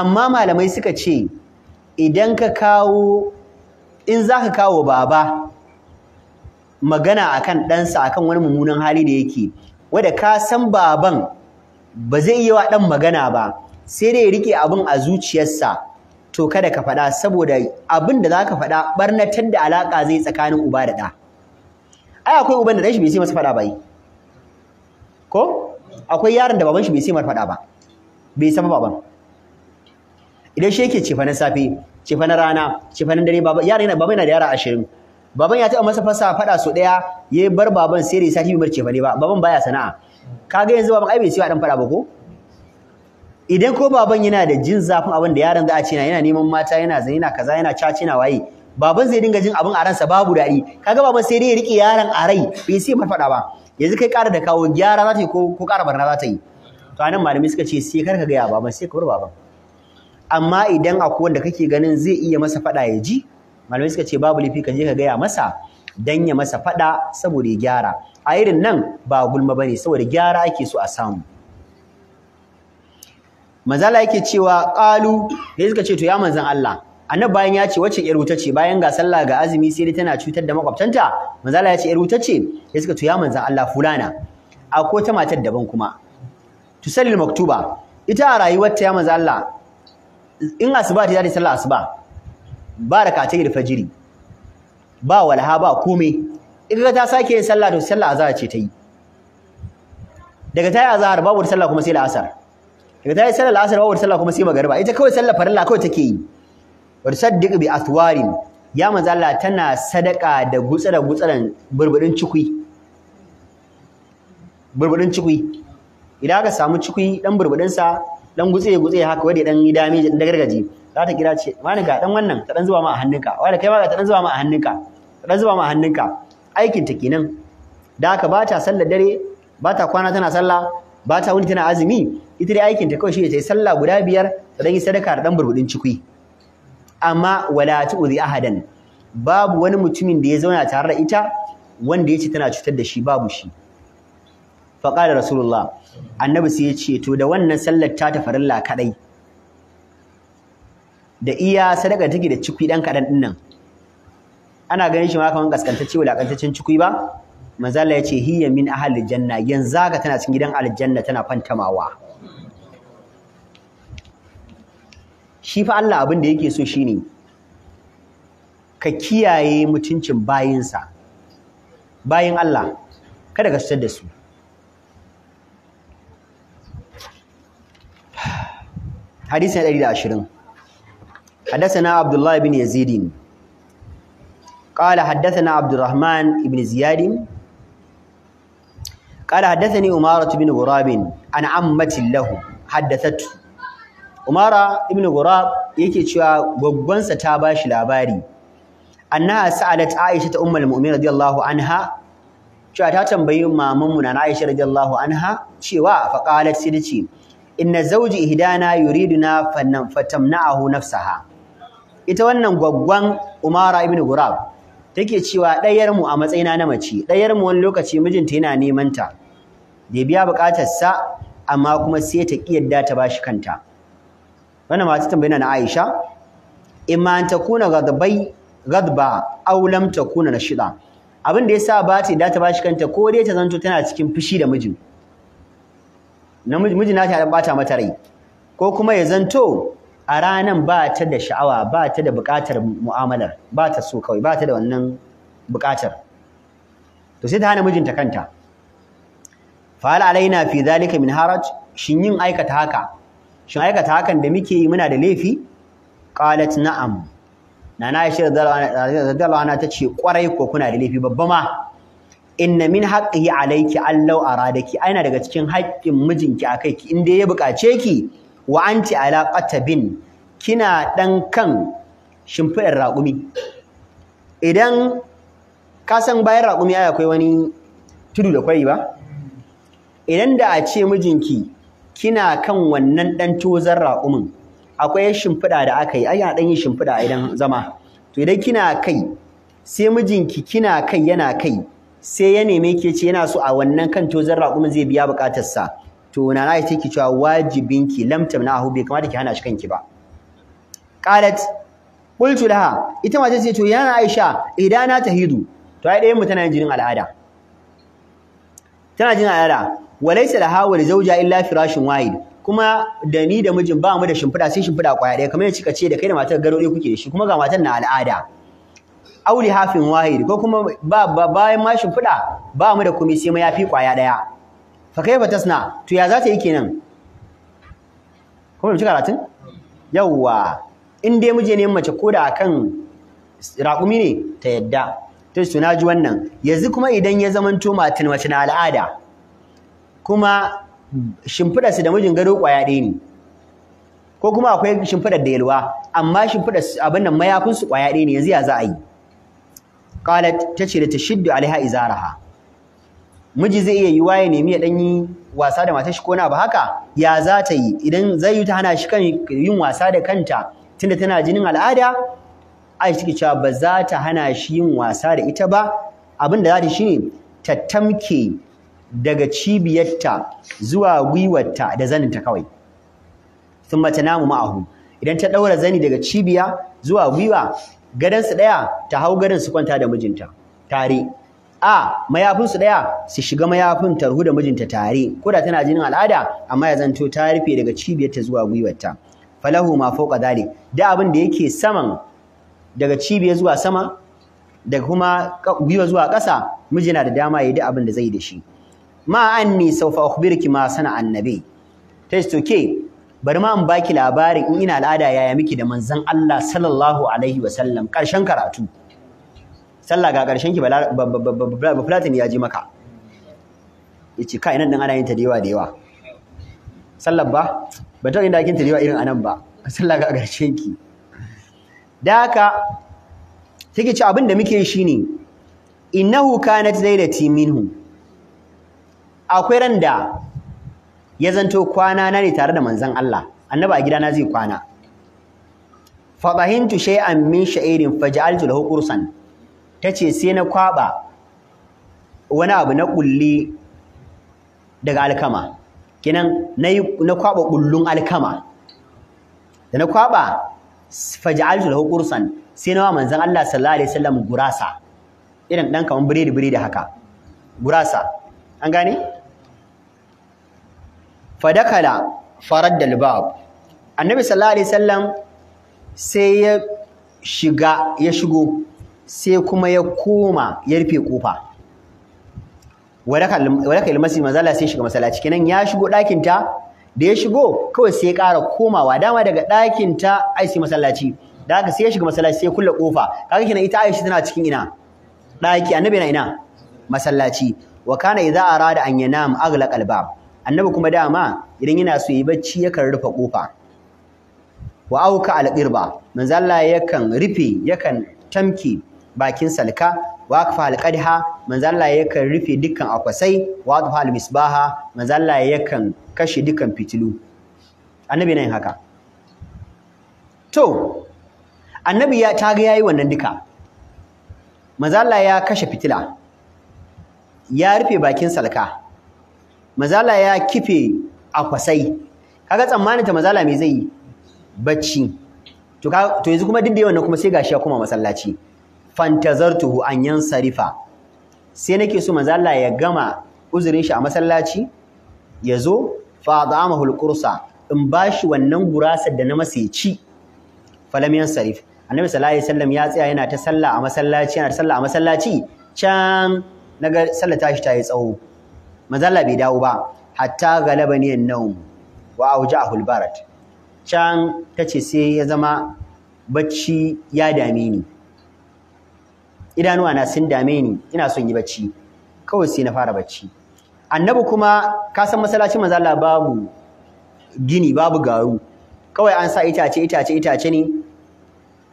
amma malamai suka ce idan ka kawo in za ka kawo baba magana akan ɗansa akan wani mummunan hali da yake wanda ka san baban ba zai yi wa ɗan magana ba sai dai ya rike abin a zuciyarsa to kada ka faɗa saboda abin da za ka faɗa ɓarnatar da alaƙa zai tsakanin uba da ɗa. ai akwai uban da dan shi bai sai masa fada ba yi ko akwai yaron da baban shi bai sai masa fada ba bai san baban idan shi yake cefa na safe cefa na rana cefa na dare baba yaron yana baba yana da yara 20 baban ya taɓa masa fasa fada so daya ya bar baban sai da sati bai cefa ne ba baban baya sana'a kaga yanzu baban ai bai sai dan fada ba ko idan ko baban yana da jin zafin abin da yaron za a ce yana neman mata yana zai yana kaza yana caci yana waye baban zai dinga jin abin a ransa babu daɗi kaga baban sai dai ya rike yaron a rai bai sai farfada ba yanzu kai ƙara da kawo gyara za ta yi ko ƙara barna za ta yi to anan malamai suka ce sai kar ka gaya baban sai ka bar baban amma idan akwai wanda kake ganin zai iya masa faɗa ya ji malamai suka ce babu laifi ka je ka gaya masa dan ya masa faɗa saboda ya gyara a irin nan ba gulma bane saboda gyara ake so a samu Mazala yake cewa qalu sai suka ce to ya manzan Allah annabi bayan ya ce wacce yar wuta ce bayan ga sallah ga azumi sai dai tana cutar da makwabtanta manzo Allah ya ce yar wuta ce ya suka to ya manzo Allah fulana akwai ta matar daban kuma tusallil maktuba ita a rayuwar ta ya manzo Allah in asuba ta yi sallah asuba ba ta yi fajiri ba walha ba komai in ta sake yin sallah to sallah azhar ce ta yi daga ta yi azhar babu sallah kuma sai la'asar daga ta yi sallah la'asar babu sallah kuma sai magariba ita kawai sallah farilla kawai take yi Warsaddiq bi athwarin ya manzo tana sadaka da gutsara gutsaran burburin cikui burburin cikui idan aka samu cikui dan burburin sa dan gutsaye gutsaye haka wanda dan yi damage da gargaje za ta kira ce wani ga dan wannan ta dan zuba ma a hannunka wani kai ma ga ta dan zuba ma a hannunka ta dan zuba ma a aikin ta kenan da haka ba ta bata kwana tana sallah bata ta wuni tana azimi, ita dai aikin ta kawai shi ta yi sallah guda biyar da dan yi sadaka da dan burbudin cikui amma wala tu'zi ahadan babu wani mutumin da ya zauna tare da ita wanda yace tana cutar da shi babu shi fa qala rasulullah annabi sai ya ce to da wannan sallar ta tafarilla kadai da iya sadaka take da cikui dan kadan dinnan ana ganin shi ma kaman kaskantacce wulakantaccen cikwi ba manzo Allah yace hiya min ahli janna yanzu haka tana cikin gidan aljanna tana fantamawa shi fa Allah abin da yake so shi ne. ka kiyaye mutuncin bayinsa bayin Allah kada ka sitar da su hadisi na 120 na Abdullahi bin بن قال حدثنا عبد الرحمن بن زياد قال حدثني Umaratu بن غراب عن عمة له حدثته Umara ibn Ghurab yake cewa gaggonsa ta bashi labari annaha sa'alat Aisha ta ummul mu'minin radiyallahu anha cewa ta tambayi mamanmu mu na Aisha radiyallahu anha cewa fa qalat sai inna zawji ihdana yuriduna fannan fatamna'ahu nafsaha ita wannan gwaggwan Umara ibn Ghurab take cewa ɗayar mu a matsayina na mace ɗayar mu wani lokaci mijinta yana neman ta da biya bukatarsa amma kuma sai ta ƙi yadda ta bashi kanta wannan mata tambayi na Aisha imma kuna takuna ghadbai ghadba aw lam nashida abin da yasa ba ta da ta bashi kanta ko dai ta zanto tana cikin fushi da mijin namiji na ta bata mata rai ko kuma ya zanto a ranan ba ta da sha'awa ba ta da buƙatar mu'amalar ba ta so kawai ba ta da wannan buƙatar to sai ta hana mijinta kanta Fa'al alaina fi zalika min haraj shin yin aikata haka shin aikata hakan da muke yi muna da laifi qalat na'am nana Aisha radiyallahu anha tace kwarai ko kuna da laifi babba ma inna min haqqihi alayki allau aradaki aina daga cikin haƙƙin mijinki akai ki inda ya buƙace ki wa anti ala qatabin kina ɗan kan shimfiɗar raƙumi idan ka san bayan raƙumi ai akwai wani tudu da kwai ba idan da a ce mijinki kina kan wannan ɗan tozon raƙumin akwai shimfiɗa da aka yi ai a ɗan yi shimfiɗa idan zama to idan kina kai sai mijinki kina kai yana kai sai ya neme ke ce yana so a wannan kan tozon raƙumin zai biya buƙatarsa to na na ce ki cewa wajibinki lam tamnahu bai kamata ki hana shi kanki ba qalat qultu laha ita mace ce to yana Aisha idan na tahidu to ai ɗayan mu tana jinin al'ada tana jinin al'ada walaysa laha wa zawja illa firashin wahid kuma da ni da mijin ba mu da shimfiɗa sai shimfiɗa kwaya ɗaya kamar yadda kika ce da kai da matar gado ɗaya kuke da shi kuma ga matan na al'ada auli hafin wahid ko kuma ba bayan ma shimfiɗa ba mu da kumi sai mayafi kwaya ɗaya fa kaifa tasna to ya za ta yi kenan kuma mu ci karatun yawwa in dai muje ne mace ko da kan raƙumi ne ta yadda to suna ji wannan yanzu kuma idan ya zamanto matin mace na al'ada kuma shimfiɗar su da mijin gado ƙwaya ɗaya ne ko kuma akwai shimfiɗar da yalwa amma shimfiɗar abin nan mayafin su ƙwaya ɗaya ne yanzu ya za a yi ta ce da tashiddu alaiha izaraha miji zai iya yiwa ya nemi ya danyi wasa da matar shi ko na ba haka ya za ta yi idan zai yi ta hana shi kan yin wasa da kanta tunda tana jinin al'ada a shi cewa ba za ta hana shi yin wasa da ita ba abin da za ta shine ta tamke daga cibiyarta zuwa gwiwarta da zaninta kawai sun mace namu ma'ahu idan ta ɗaura zani daga cibiya zuwa gwiwa su ɗaya ta hau gadon su kwanta da mijinta tare a mayafinsu ɗaya su shiga mayafin tarhu da mijinta tare ko da tana jinin al'ada amma ya zanto ta rufe daga cibiyarta zuwa gwiwarta falahu ma fawqa dhalik da abin da yake saman daga cibiya zuwa sama daga kuma gwiwa zuwa ƙasa mijina da dama ya yi da abin da zai da shi ma anni sawfa ukhbiruki ma sana annabi ta ce ke bari ma in baki labarin in ina al'ada yaya miki da manzan Allah sallallahu alaihi wa sallam karatu sallah ga karshen ki ba platin ya ji maka yace kai nan dan ana yin ta da yawa da yawa sallar ba ba ta yin da kin ta da yawa irin anan ba sallah ga karshen ki da haka take ci abin da muke shi ne innahu kanat lailati minhum akwai ran da ya zanto kwana na ne tare da manzon Allah annabi a gidana zai kwana fa bahintu shay'an min sha'irin faj'altu lahu qursan tace sai na kwaba wani abu na kulli daga alkama Na yi na kwaba kullun alkama da na kwaba faj'altu lahu qursan sai na wa manzon Allah sallallahu alaihi wasallam gurasa irin dan kaman biredi biredi haka gurasa an gane fadakala faraddal bab annabi sallallahu alaihi wasallam sai ya shiga ya shigo sai kuma ya koma ya rufe kofa wadaka ilmasi mazala sai shiga masallaci kenan ya shigo ɗakin ta da ya shigo kawai sai ya ƙara komawa dama daga ɗakin ta ai sai masallaci da haka sai ya shiga masallaci sai ya kulle kofa kaga kenan ita Aisha tana cikin ina ɗaki annabi na ina masallaci wa kana idza arada an yanam aghlaq albab annabi kuma dama idan yana so yi bacci yakan rufe kofa wa auka alqirba manzo Allah yakan rufe yakan tamki bakin salka wa akfa alqadha manzo Allah yakan rufe dukkan akwasai wa akfa almisbaha manzo Allah yakan kashe dukkan fitilu annabi nan haka to annabi ya ta ga yayi wannan duka manzo Allah ya kashe fitila ya rufe bakin salka mazala ya kife akwasai kaga tsammanin ta mazala me zai bacci to yanzu kuma duk da wannan kuma sai gashi ya koma masallaci fantazartuhu an sarifa. sai nake so mazala ya gama uzurin shi a masallaci ya zo fa da'amahu alqursa in bashi wannan gurasar da na ci. falam sarif annabi sallallahu alaihi wasallam ya tsaya yana ta sallah a masallaci yana ta sallah a masallaci can naga sallar tashi ta yi tsawo mazalla bai dawo ba hatta galabani an-nawm wa auja ahul barat can tace sai ya zama bacci ya dame ni idanuwa na sun dame ni ina son yi bacci kawai sai na fara bacci annabi kuma ka san masallacin mazalla babu gini babu garu kawai an sa itace itace itace ne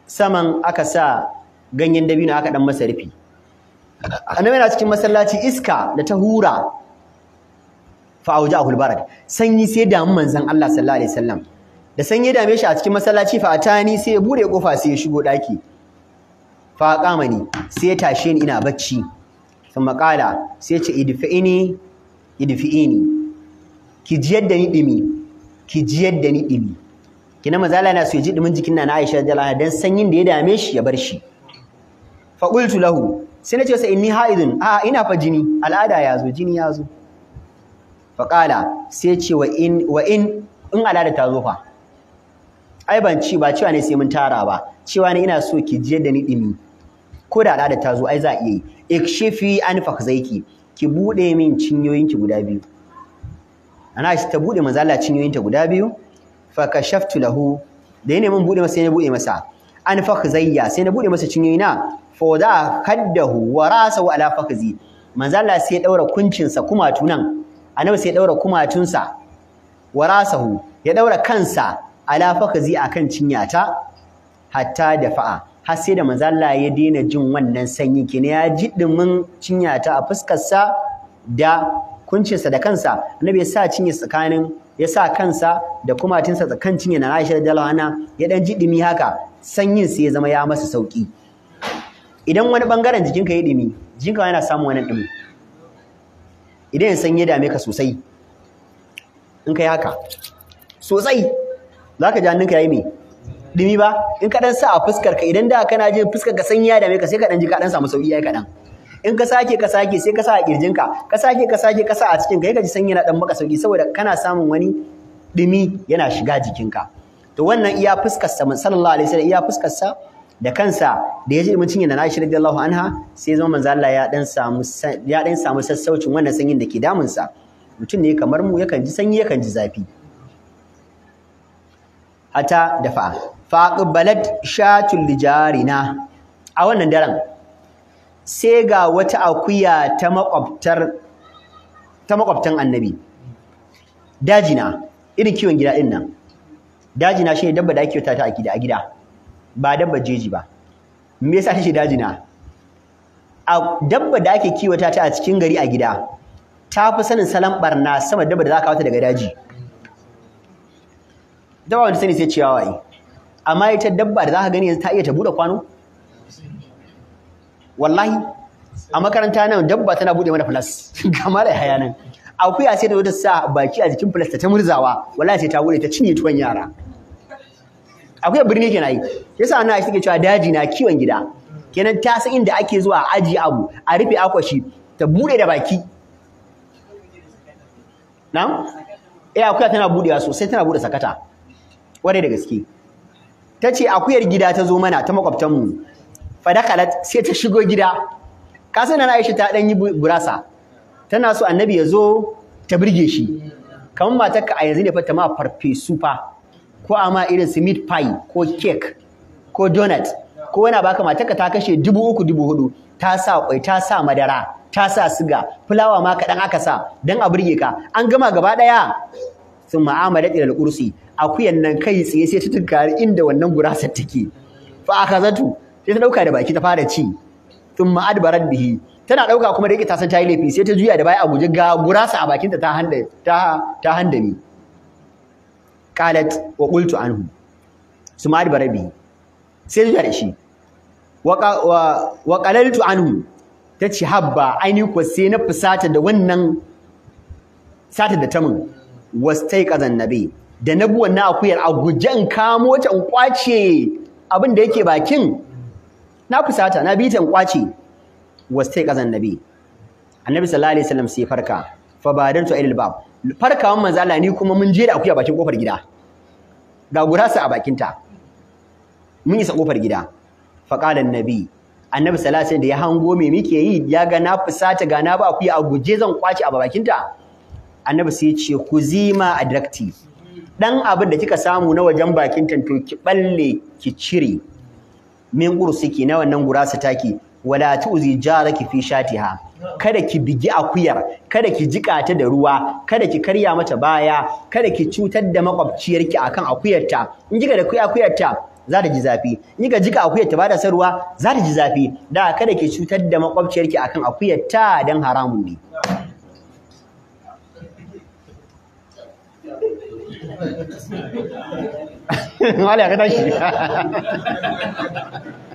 saman aka sa ganyen dabino aka dan masa rufi annabi yana cikin masallaci iska da ta hura fa auja barak sanyi sai damu manzon Allah sallallahu alaihi wasallam da sanyi dame shi a cikin masallaci fa atani sai ya bude kofa sai ya shigo daki fa qamani sai ya tashe ni ina bacci thumma qala sai ya ce idfi'ini idfi'ini ki jiyar da ni dimi ki jiyar da ni dimi kina mazala na so ya ji dimin jikin na Aisha radiyallahu anha dan sanyin da ya dame shi ya bar shi fa qultu lahu sai na ce sai inni haidun a ina fa jini al'ada ya zo jini ya zo faƙala sai ce wa in wa in in al'ada ta zo fa ai ban ci ba cewa ne sai mun tara ba cewa ne ina so ki je da ni dimi ko da al'ada ta zo ai za a iya yi ikshifi an fakzaiki ki bude min ki guda biyu ana shi ta bude manzo Allah ta guda biyu fa kashaftu lahu da yana mun bude masa sai na bude masa an fakzayya sai na bude masa cinyoyina fawada kaddahu wa rasahu ala fakzi manzo Allah sai daura sa kumatu nan annabi sai daura sa wa rasahu ya daura kansa ala fakzi akan cinyata hatta dafa'a har sai da manzo Allah ya daina jin wannan sanyi kina ya ji cinya cinyata a fuskarsa da sa da kansa annabi ya sa cinye tsakanin ya sa kansa da sa tsakan cinye na Aisha radiyallahu anha ya dan ji dimi haka sanyin sai ya zama ya masa sauki idan wani bangaren jikinka ya dumi jikinka yana samun wani dumi idan ya sanye dame ka sosai in kai haka sosai za ka ji hannunka yi mai dumi ba in ka dan sa a fuskar ka idan da kana jin fuskar ka sanya ya dame ka sai ka dan ji ka dan samu sauki yayi kadan in ka sake ka sake sai ka sa a kirjinka ka sake ka sake ka sa a cikin ka ka ji san na dan maka sauki saboda kana samun wani dumi yana shiga jikinka to wannan iya fuskar sa sallallahu alaihi wasallam iya fuskar sa da kansa da ya ji mutum yana Aisha radiyallahu anha sai zama manzo Allah ya dan samu ya dan samu sassaucin wannan sanyin da ke damun sa mutum ne kamar mu yakan ji sanyi yakan ji zafi hata fa faqbalat shatul lijarina a wannan daren sai ga wata akuya ta makwabtar ta makwabtan annabi dajina irin kiwon gida din nan dajina shine dabba da ake kiwata a gida a gida ba dabba jeji ba me yasa tace dajina a dabba da ake kiwata ta a cikin gari a gida ta fi sanin salon barna sama dabba da za ka wata daga daji dabba wanda sani sai ciyawa yi amma ita dabba da za ka gani yanzu ta iya ta buɗe kwano wallahi a makaranta nan dabba tana buɗe mana flas kamar haya nan akuya sai ta zo ta sa baki a jikin flas ta murzawa wallahi sai ta buɗe ta cinye tuwon yara akwai birni kenan ai yasa ana shi cewa daji na kiwon gida kenan ta san inda ake zuwa aji abu a rufe akwashi ta bude da baki na'am eh akuya tana budewa sosai tana bude sakata kwarai da gaske ta ce akuyar gida ta zo mana ta makwabtan mu. fadakalat sai ta shigo gida ka san Aisha ta dan yi burasa tana so annabi ya zo ta burge shi kamar matarka a yanzu ne fa ta ma farfesu fa ko a ma irin su meat pie ko cake ko donut ko wani baka matarka ta kashe dubu uku dubu hudu ta sa kwai ta sa madara ta sa siga fulawa ma kaɗan aka sa don a burge ka an gama gaba ɗaya sun ma'amala ilal kursi akuyan nan kai tsaye sai ta tunkari inda wannan gurasar take fa zatu sai ta ɗauka da baki ta fara ci sun ma'adbarat bihi tana ɗauka kuma da yake ta san ta yi laifi sai ta juya da baya a guje ga gurasa a bakinta ta handa ta ta handami qalat wa qultu anhu sumad barabi sai zuwa da shi wa qalaltu anhu ci habba aini ko sai na fusata da wannan sata da ta tamin wastai qazan nabi da na bi na akuyar a guje in kamo ta in kwace abin da yake bakin na fusata na bi ta in kwace wastai qazan nabi annabi sallallahu alaihi wasallam sai farka fa ba badartu ilal bab farkawan manzo Allah ni kuma mun je da akuya bakin kofar gida ga gurasa a bakinta mun isa kofar gida faqala annabi annabi sallallahu alaihi da ya hango me muke yi ya ga na fusata ga na ba akuya a guje zan kwace a bakinta annabi sai ya ce ku zima adrakti dan abin da kika samu na wajen bakin to ki balle ki cire min ki na wannan gurasa taki wala tu'zi jaraki fi shatiha kada ki bigi akuyar kada ki jika ta da ruwa kada ki karya mata baya kada ki cutar da makwabciyarki akan akuyarta in kika da akuyarta za ta ji zafi in kika jika akuyarta ba da san ruwa za ta ji zafi da kada ki cutar da makwabciyarki akan akuyarta dan haramun ne Wala ka tashi.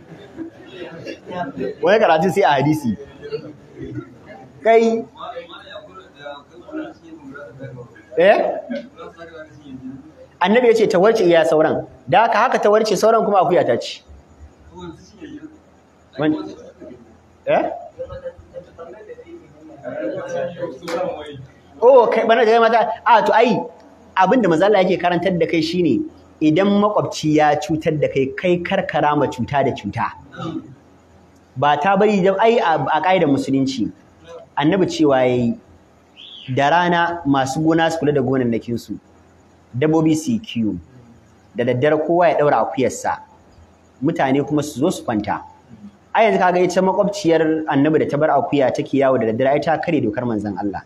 wani karatun sai a hadisi kai eh annabi ya ce tawarci ya sauran da haka haka tawarci sauran kuma akuya ta ci eh oh kai bana ga mata a to ai abinda mazalla yake karantar da kai shine idan makwabci ya cutar da kai kai karkara ma cuta da cuta ba ta bari da ai a ƙa'idar musulunci annabi cewa yayi da rana masu gona su kula da gonannakin su dabbobi su kiwo da daddare kowa ya daura akuyarsa mutane kuma su zo su kwanta ai yanzu kaga ita makwabciyar annabi da ta bar akuya take yawo da daddare ai ta kare dokar manzon Allah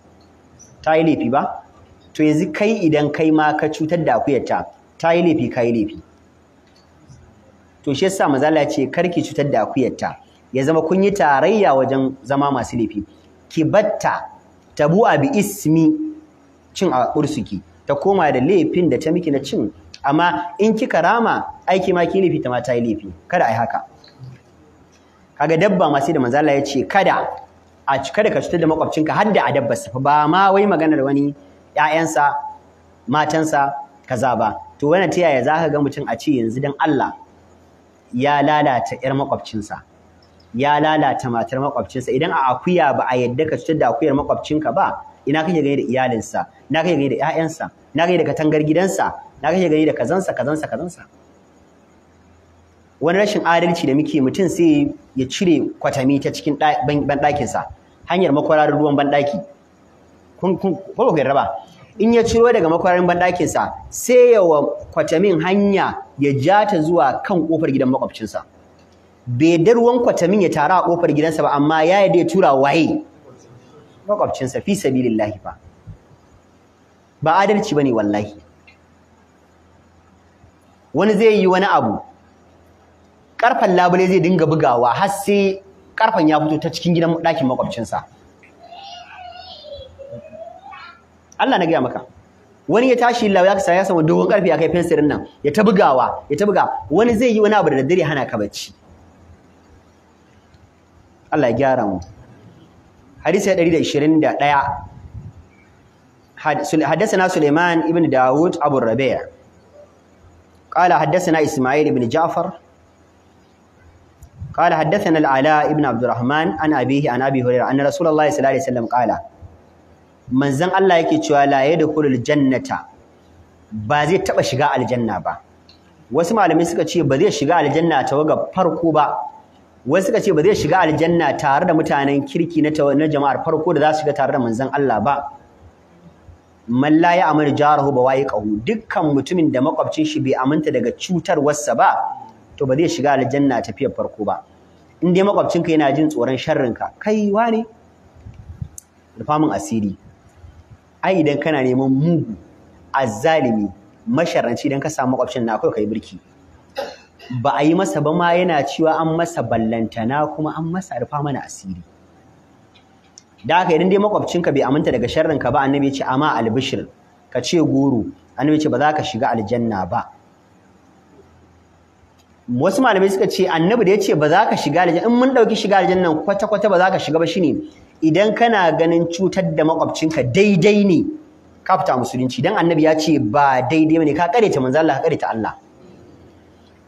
ta yi laifi ba to yanzu kai idan kai ma ka cutar da akuyarta ta yi laifi ka yi laifi to shi yasa manzo Allah ya ce karki cutar da akuyarta ya zama kun yi tarayya wajen zama masu laifi ki batta bu bi ismi cin a ursuki ta koma da laifin da ta miki na cin amma in kika rama aiki ma ki laifi ta ma ta yi laifi kada ai haka kaga dabba masu da manzala ya ce kada a kada ka cutar da makwabcinka har da a dabbar sa ba ma wai maganar wani 'ya'yansa, matansa kaza ba to wani ta yaya za ka ga mutum a ce yanzu dan Allah ya lalata 'yar makwabcinsa ya lalata matar makwabcinsa idan a akuya ba a yadda ka cutar da akuyar makwabcinka ba ina kake gani da iyalinsa ina kake gani da ƴaƴansa ina kake da katangar gidansa ina kake gani da kazansa kazansa kazansa wani rashin adalci da muke mutum sai ya cire kwatami ta cikin banɗakinsa hanyar makwararin ruwan banɗaki kun kun ku in ya ciro daga makwararin banɗakinsa sai ya wa kwatamin hanya ya ja ta zuwa kan ƙofar gidan makwabcinsa bai dar ruwan kwatamin ya tara a kofar gidansa ba amma ya da ya tura waye makwabcinsa fi sabilillahi fa ba adalci bane wallahi wani zai yi wani abu karfan labule zai dinga bugawa har sai karfan ya fito ta cikin gidan ɗakin makwabcinsa Allah na gaya maka wani ya tashi lawa ya kasa ya samu dogon karfi ya kai fensirin nan ya ta bugawa ya ta buga wani zai yi wani abu da daddare hana ka bacci Allah ya gyara mu hadisi ya 121 حدثنا سليمان ابن داود أبو الربيع قال حدثنا إسماعيل بن جعفر قال حدثنا العلاء ابن عبد الرحمن عن أبيه عن أبي هريرة أن رسول الله صلى الله عليه وسلم قال من زن الله يكي لا يدخل الجنة بازي تبا شغاء الجنة با wasu malamai suka ce ba zai shiga aljanna ta waga farko ba wasu suka ce ba zai shiga aljanna tare da mutanen kirki na jama'ar farko da za su shiga tare da manzon Allah ba man la ya jarahu ba kahu dukkan mutumin da makwabcin shi bai aminta daga cutarwarsa ba to ba zai shiga aljanna tafiyar farko ba in dai ka yana jin tsoron sharrinka kai wane rufamin asiri ai idan kana neman mugu azzalimi masharranci idan ka samu makwabcin na akwai kai birki ba a yi masa ba ma yana cewa an masa ballantana kuma an masa rufa mana asiri da haka idan dai makwabcinka bai aminta daga sharrin ka ba annabi ya ce amma albishir ka ce goro annabi ya ce ba za ka shiga aljanna ba wasu malamai suka ce annabi da ya ce ba za ka shiga aljanna in mun dauki shiga aljanna kwata kwata ba za ka shiga ba shine idan kana ganin cutar da makwabcinka daidai ne ka fita musulunci dan annabi ya ce ba daidai bane ka kare ta manzo Allah ka kare ta Allah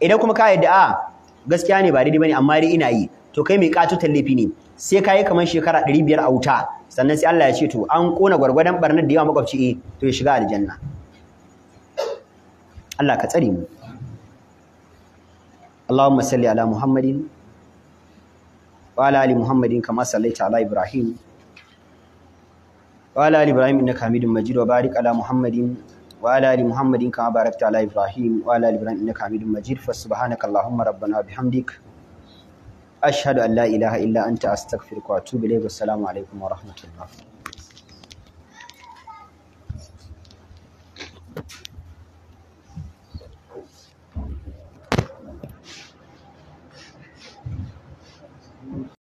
idan kuma ka yadda a ah, gaskiya ne ba daidai bane amma dai ina yi to kai mai katutan laifi ne sai kai kaman kamar shekara 500 a wuta sannan sai Allah ya ce to an kona gwargwadon barnar da yawa makwabci eh to ya shiga aljanna Allah ka tsare mu salli ala muhammadin. wa ala ali Muhammadin kama sallaita ala Ibrahim wa ala ali Ibrahim innaka Hamidum Majid wa barik ala muhammadin. وعلى ال محمد كما باركت على ابراهيم وعلى ال ابراهيم انك حميد مجيد فسبحانك اللهم ربنا وبحمدك اشهد ان لا اله الا انت استغفرك واتوب اليك والسلام عليكم ورحمه الله